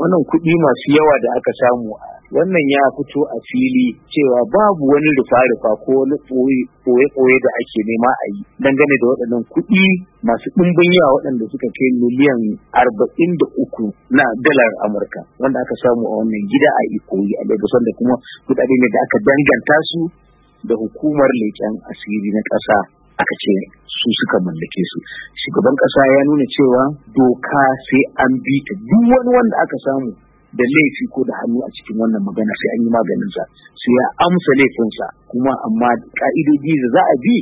wannan kuɗi masu yawa da aka samu wannan ya fito a fili cewa babu wani rufa-rufa ko wani ɓoye-ɓoye da ake nema a yi dangane da waɗannan kuɗi masu ɗumbin yawa waɗanda suka kai miliyan arba'in da uku na dalar amurka wanda aka samu a wannan gida a ikoyi a daga sanda kuma kuɗaɗe ne da aka danganta su da hukumar leƙen asiri na ƙasa aka ce su suka mallake su shugaban ƙasa ya nuna cewa doka sai an bi ta duk wani wanda aka samu da laifi ko da hannu a cikin wannan magana sai an yi maganin sa sai ya amsa laifinsa kuma amma ka'idoji da za a bi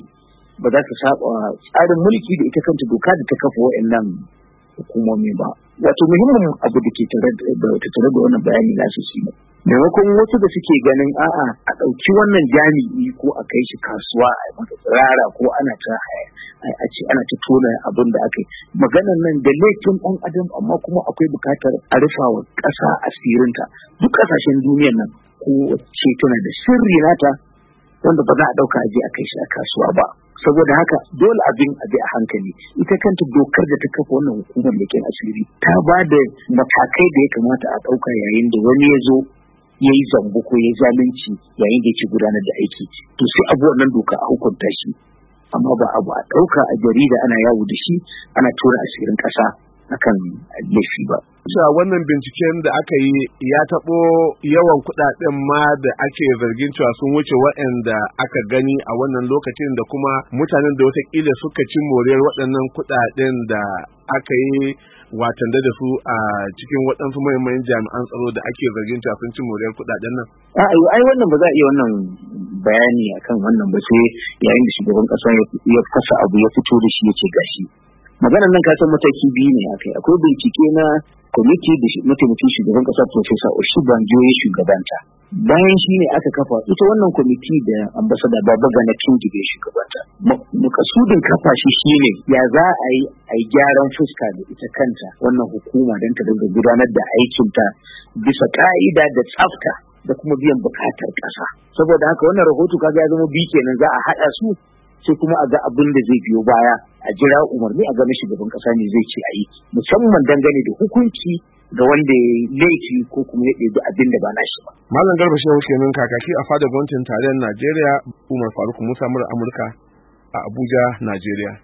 ba za ta saba tsarin mulki da ita kanta doka da ta kafa wa'annan hukumomi ba wato muhimmin abu da ke tare da wannan bayani na su maimakon wasu da suke ganin a'a a ɗauki wannan jami'i ko a kai shi kasuwa a mata tsirara ko ana ta a ce ana ta tona abin da aka yi maganan nan da laifin ɗan adam amma kuma akwai buƙatar a rufa wa ƙasa asirinta duk ƙasashen duniyar nan ko ce tana da sirri nata wanda ba za a ɗauka aje a kai shi a kasuwa ba saboda haka dole abin a bi a hankali ita kanta dokar da ta kafa wannan hukumar da ke asiri ta ba da matakai da ya kamata a ɗauka yayin da wani ya zo ya yi zambo ko ya zalunci yayin da yake gudanar da aiki to sai abu wannan doka a hukunta shi amma ba abu a ɗauka a jarida ana yawo da shi ana tura asirin ƙasa akan laifi ba. Cewa wannan binciken da aka yi ya taɓo yawan kuɗaɗen ma da ake zargin cewa sun wuce waɗanda aka gani a wannan lokacin da kuma mutanen da watakila suka ci moriyar waɗannan kuɗaɗen da aka yi watanda da su a cikin waɗansu mahimman jami'an tsaro da ake zargin a sun cin moriyar kuɗaɗen nan? ai wannan ba za a iya wannan bayani akan wannan ba sai yayin da shugaban ƙasa ya fasa abu ya fito da shi ya ce gashi maganar nan kasan mataki biyu ne akai akwai bincike na kwamiti da mataimakin shugaban ƙasa profesa oshibanjo ya shugabanta bayan shi ne aka kafa ita wannan kwamiti da ambasada baba gana kingi bai shugabanta makasudin kafa shi shi ne. ya za a yi a gyaran fuska da ita kanta wannan hukuma don ta dinga gudanar da aikinta bisa ka'ida da tsafta da kuma biyan bukatar ƙasa saboda haka wannan rahoto kaga ya zama bi kenan za a haɗa su sai kuma a ga abin da zai biyo baya a jira umarni a ga shugaban ƙasa ne zai ce a yi musamman dangane da hukunci ga wanda ya laifi ko kuma ya ɗebi abin da ba nashi ba. Malam Garba Shehu kenan kakaki a fadar gwamnatin tarayyar Najeriya Umar Faruk Musa mura Amurka a Abuja, Najeriya.